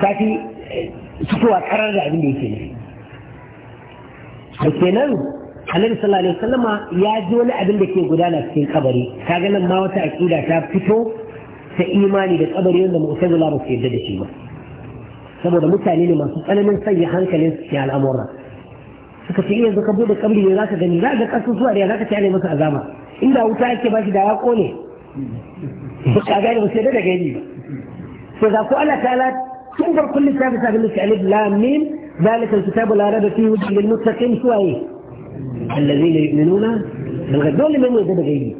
Safi eh, fitowa karar da abin da yake nufi da kenan annabi sallallahu alaihi wasallama ya ji wani abin da ke gudana cikin kabari kaga nan ma wata aqida ta fito ta imani da kabari wanda mu'tazila da su yadda da shi ba saboda mutane ne masu tsananin sanya hankalin su cikin al'amura suka ce yanzu ka bude kabari ne zaka gani za ga kasu zuwa da zaka tare masa azama inda wuta ake bashi da ya kone ba ka gane ba sai da gani ba فإذا قال كانت تنظر كل كتاب ساكن الف لا ميم ذلك الكتاب لا ريب فيه وجه للمتقين هو ايه؟ الذين يؤمنون بالغيب دول من يؤمنون بالغيب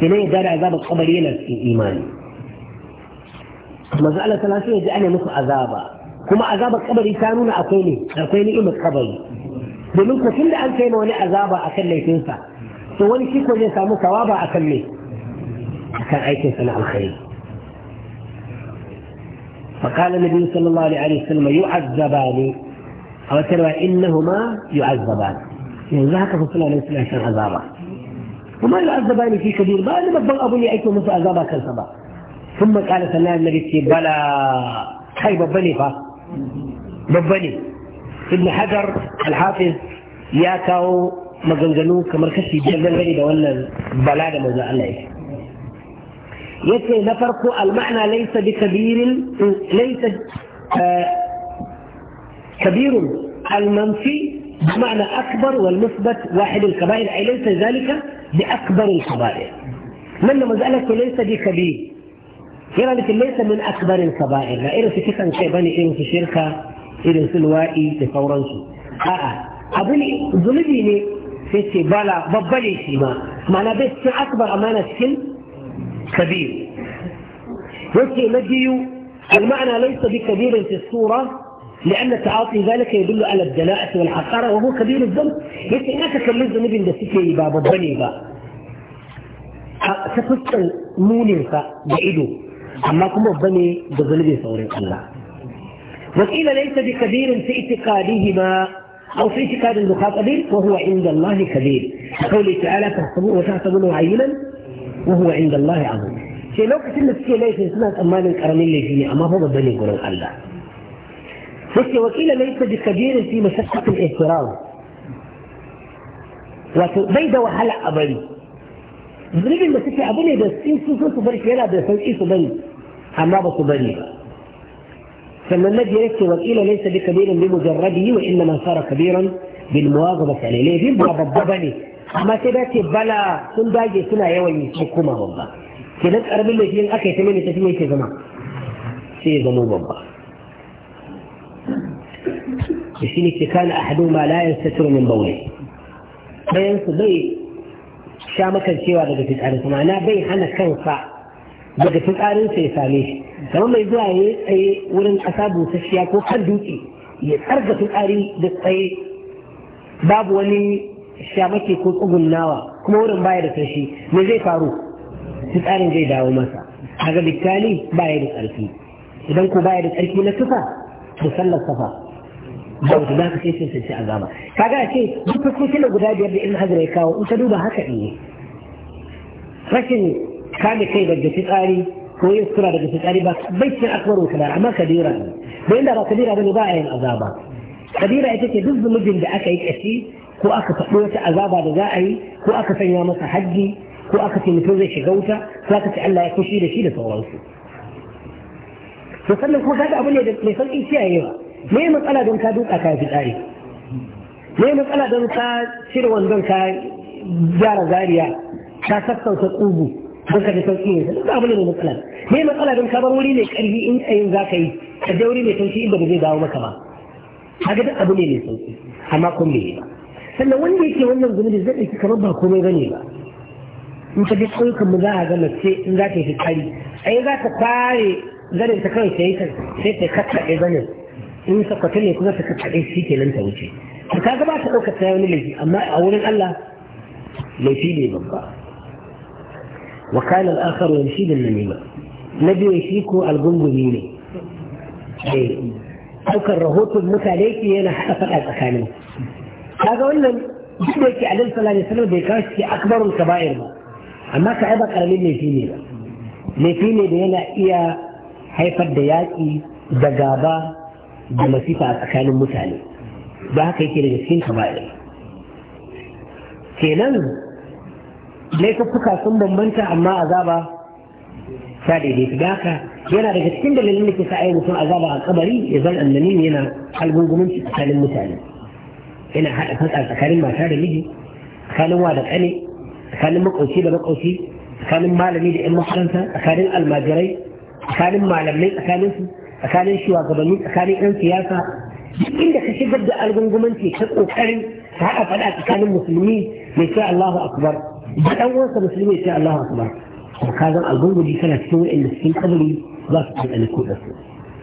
في نية دار عذاب الخبر في الإيمان مسألة ثلاثية جاءني مثل عذاب. كما عذاب القبر يسألون أعطيني، أعطيني إما إيه الخبر بمن كل أن وأنا وني عذابا أكل لي تنسى فواني كيف وجه سامو ثوابا أكل لي أكل أي تنسى مع الخير فقال النبي صلى الله عليه وسلم يعذبان أو تروى إنهما يعذبان يعني ذاك صلى الله عليه وسلم عشان عذابه وما يعذبان في كبير ما لم أبضل أبو لي أيكم مثل عذابه كالصبا ثم قال صلى الله عليه وسلم بلى خيب بني فا ببني ابن حجر الحافظ ياكاو مغنغنو كمركشي جلل غريبة ولا بلاد موزع الله يسلم yace na farko ليس laysa bi آه، كبير المنفي بمعنى أكبر والمثبت واحد الكبائر أي ليس ذلك بأكبر الكبائر من مسألة ليس بكبير يعني ليس من أكبر الكبائر لا إرث كسا شيء بني إرث شركة إرث الوائي لفورنسو آه،, آه أبني ذنبي ne sai ce bala babbale shi ma mana bai cikin akbar amana كبير يمكن نجي المعنى ليس بكبير في الصورة لأن تعاطي ذلك يدل على الدلاءة والحقارة وهو كبير الذنب يمكن أنك كمل ذنبين da suke yi ba babba ne ba أما fuskar muninsa da ido amma kuma وقيل ليس بكبير في اعتقادهما أو في اعتقاد المخاطبين وهو عند الله كبير قوله تعالى تحسبوه وتحسبونه عينا وهو عند الله عظيم في لوكس النفسية ليس اسمها أمان الكرمين اللي فيني أما هو بني قرون الله بس وكيل ليس بكبير في مشقة الاهتراض وبيد وحلق أبني بريد المسيح أبني بس إنسو سوسو فريش يلا بس إنسو بني أما بس بني فما النبي يرسل وكيل ليس بكبير بمجرده وإنما صار كبيرا بالمواظبة عليه ليه بيبقى بني amma sai dace bala sun dage suna yawan yi sai kuma babba kenan karamin da in aka yi ta mini tafi mai ke zama sai ya zama babba da shi ne ke kana hadu ma layan yastatir min bawli bayan su bai sha makan cewa daga fitsarin kuma ma'ana bai hana kansa daga fitsarin sa ya same shi kamar mai zuwa ya tsaye wurin ƙasa busasshiya ko kan dutse ya tsarga fitsari da tsaye babu wani sha mace ko tsugun Nawa kuma wurin baya da tashi ne zai faru fitsarin zai dawo masa a ga littali baya da tsarki idan ko baya da tsarki na tufa da sallar safa ba wata za ka sai sai sai azaba kaga ce duk fuskokin guda biyar da ina hajar kawo in ta duba haka ne rashin kame kai daga fitsari ko yin sura daga fitsari ba bai cin akbar wa amma kadira ne da inda ba kabira ne ba a yin azaba kabira ita ce duk zunubin da aka yi kashi ko aka faɗo wata azaba da za a yi ko aka sanya masa haji ko aka ce mutum zai shiga wuta za ka ce Allah ya kushi da shi da sauransu to sannan kuma kaga abu ne da mai sauƙin kiyayewa me ya matsala don ka duka ka fi tsari me ya matsala don ka cire wandon ka gyara zariya ka sassauta ƙugu don ka da sauƙi ne duk abu ne mai matsala me ya matsala don ka bar wuri mai ƙarfi in tsayin za ka yi ka je wuri mai taushi inda ba zai dawo maka ba kaga duk abu ne mai sauki amma kun bai ba sannan wanda yake wannan zunubi zai ɗauki kamar ba komai bane ba in ka je ƙauyukan mu za a ga mace in za ta yi fitsari ai za ta kware zanin ta kawai ta yi ta sai ta kakkaɗe zanin in kwata ne kuma ta kakkaɗe shi kenan ta wuce to kaga ba ta ɗaukar ta wani laifi amma a wurin Allah laifi ne babba wa kana al-akharu yamshi bin namima na biyu shi ko al-gungumi ne eh, ɗaukar rahoton mutane ke yana haɗa faɗa tsakanin kaga wannan duk da yake alaihi sallallahu sanar wasallam bai kawo shi akbarul kaba'ir ba amma ka ba karamin laifi ne ba laifi ne da yana iya haifar da yaƙi da gaba da masifa a tsakanin mutane ba haka yake daga cikin kaba'ir kenan laifuffuka sun bambanta amma azaba sadaidaita da haka yana daga cikin dalilin da ke sa ayi mutum azaba a kabari ya zan annanin yana halgungumin tsakanin mutane yana haɗa fasa tsakanin mata da miji tsakanin wa da ƙane tsakanin makwauci da makwauci tsakanin malami da 'yan makaranta tsakanin almajirai tsakanin malamai tsakanin su tsakanin shugabanni tsakanin 'yan siyasa duk inda ka shigar da algungumanci ta kokarin ka haɗa faɗa tsakanin musulmi mai sha Allahu akbar da ɗan uwansa musulmi mai sha Allahu akbar cikin الجنجلي كان cikin إن za su ضغط aliku da su.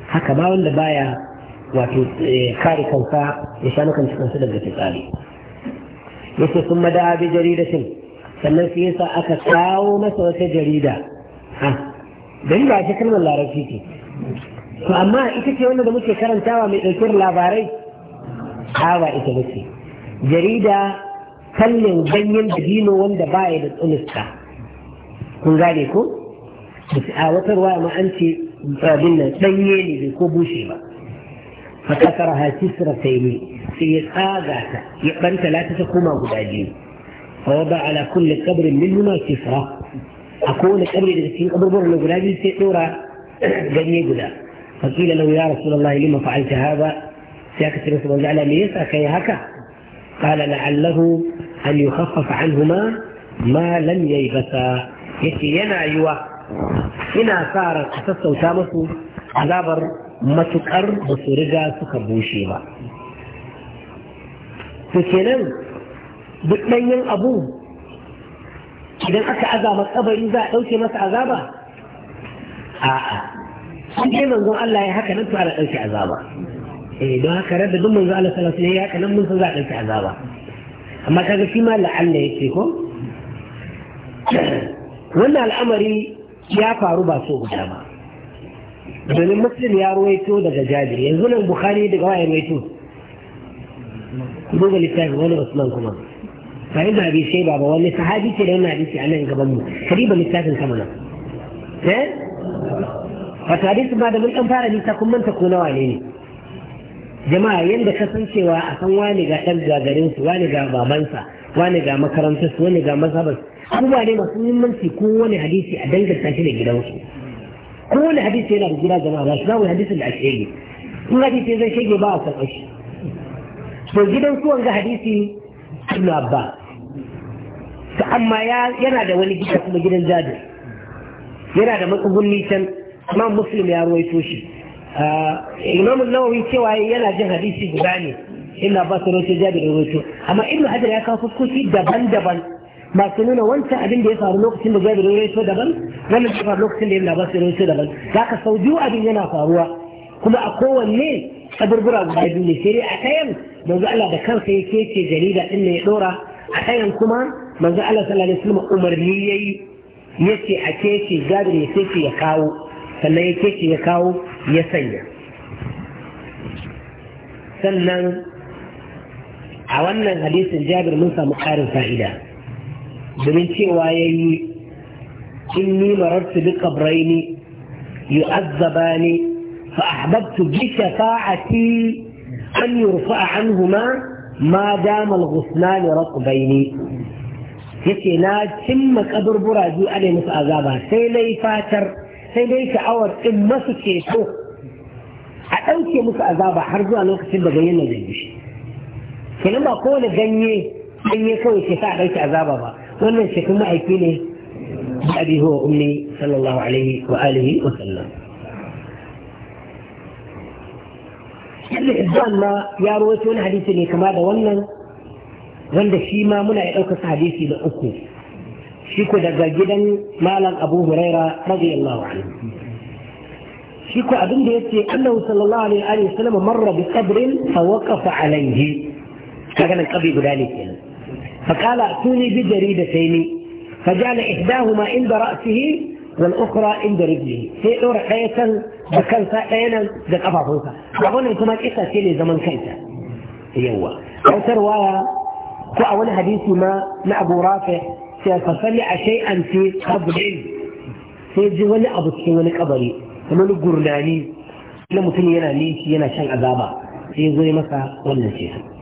haka ba wanda baya wato eh, kare kansa ya sha nukan cikin su daga fitsari ce sun mada bi jaridatin sannan sai yasa aka kawo masa wata jarida ha ba ce kalmar larabci ce to amma ita ce wanda da muke karantawa mai ɗaukar labarai ba ita ce jarida kallon ganyen dabino wanda baya da tsunista kun gane ko a wata ruwa ma an ce abin nan ɗanye ne bai ko bushe ba fa fakasara ha tisra sai ne sai ya tsaga ta ya banta lata ta koma guda biyu fa wada ala kulli qabrin minhuma kisra a kowane kabri daga cikin kaburburan guda biyu sai dora ganye guda fa kila law ya rasulullahi lima fa'alta hada sai aka tsira sabon ala me yasa kai haka qala la'allahu an yukhaffafa anhuma ما لم yaybasa Yake yana yiwa ina sa ran a sassauta musu azabar matukar ba su riga suka bushe ba to kenan duk ɗanyen abu idan aka azama kabari za a ɗauke masa azaba a'a an ke manzon Allah ya haka nan to ana ɗauke azaba eh don haka rabbi duk manzon Allah sallallahu alaihi wasallam ya haka nan mun san za a ɗauke azaba amma kaga shi ma la'alla yake ko wannan al'amari ya faru ba so guda ba domin muslim ya ruwaito daga jabir yanzu nan bukhari daga waye ruwaito duba littafi wani usman kuma ba yanzu abi shai ba wani sahabi ce da wannan hadisi a nan gaban mu ba littafin sama nan eh wata hadisi ba da mun dan fara nisa kun manta ko nawa ne ne jama'a yadda ka san cewa a san wani ga ɗan gagarin su wani ga babansa wani ga makarantarsu wani ga mazhabarsu abubuwa ne masu muhimmanci ko wani hadisi a danganta shi da wasu, ko wani hadisi yana da gida zama ba shi za mu hadisin da a shege in hadisi zai shege ba a san shi to gidan su wanga hadisi suna ba, ta amma yana da wani gida kuma gidan jadu yana da matsugunni can amma muslim ya ruwaito shi ah, imam nawawi cewa yana jin hadisi guda ne ina ba su rote jadu da ruwaito amma ina hajar ya kawo fuskoki daban-daban ba su nuna wancan abin da ya faru lokacin da zai ya so daban wannan ya faru lokacin da ibn abbas ya so daban ka sau biyu abin yana faruwa kuma a kowanne kaburbura guda biyu ne sai a kayan manzo Allah da kansa ya kece jarida din ne ya dora a kayan kuma manzo Allah sallallahu alaihi wasallam umarni yayi yace a kece jabir ya ya kawo sannan ya kece ya kawo ya sanya sannan a wannan hadisin jabir mun samu ƙarin fa'ida domin cewa ya yi إني مررت بقبرين يؤذبان فأحببت بشفاعتي أن يرفع عنهما ما دام الغصنان رقبين yake na cimma kaburbura biyu ana musu azaba sai dai fatar sai dai sha'awar din masu ceto a ɗauke musu azaba har zuwa lokacin da ganyen na zai bishi kenan ba kowane ganye ganye kawai ce sa a ɗauke azaba ba كل شيخ ما يكيني بأبي هو أمي صلى الله عليه وآله وسلم يلي إبان ما ياروتون حديثني كما دولنا عند شيما منع أوك حديثي لأكو شيكو دقا جدا مالا أبو هريرة رضي الله عنه شيكو أبن ديتي أنه صلى الله عليه وآله وسلم مر بقبر فوقف عليه كان القبيب ذلك يعني فقال ائتوني بجريدتين فجعل إحداهما عند رأسه والأخرى عند رجله في دور حياة بكل فأنا ذك أفا فوسا أقول لكم الإسا سيلي زمن كيسا يوا أيوة. أو تروايا كأول حديث ما مع أبو رافع سيتصلع شيئا في قبل العلم سيجي ولا أبو سي ولا قبري كما نقول لاني لما تنينا ليش ينا شان عذابا مسا ولا شيئا